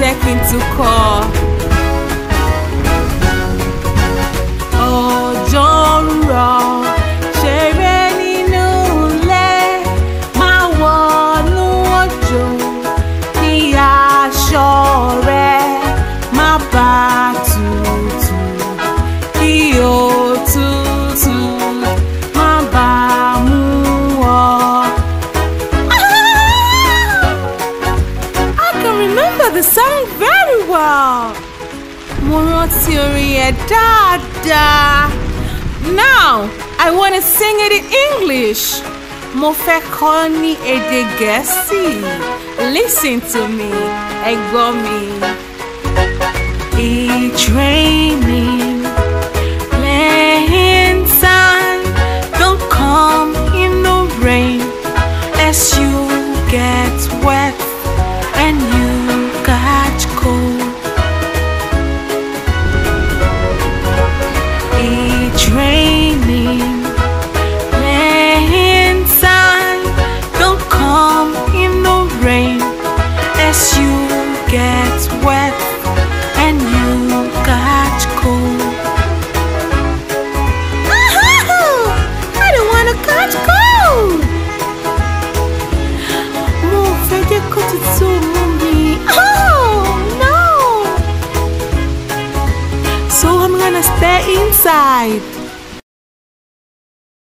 check into core. mo rántí orin yẹn dáadáa now I wanna sing it in English mo fẹ́ kọ́ ní èdè gẹ̀ẹ́sì listen to me ẹ gbọ́ mi. It's raining. get wet. going to stay inside.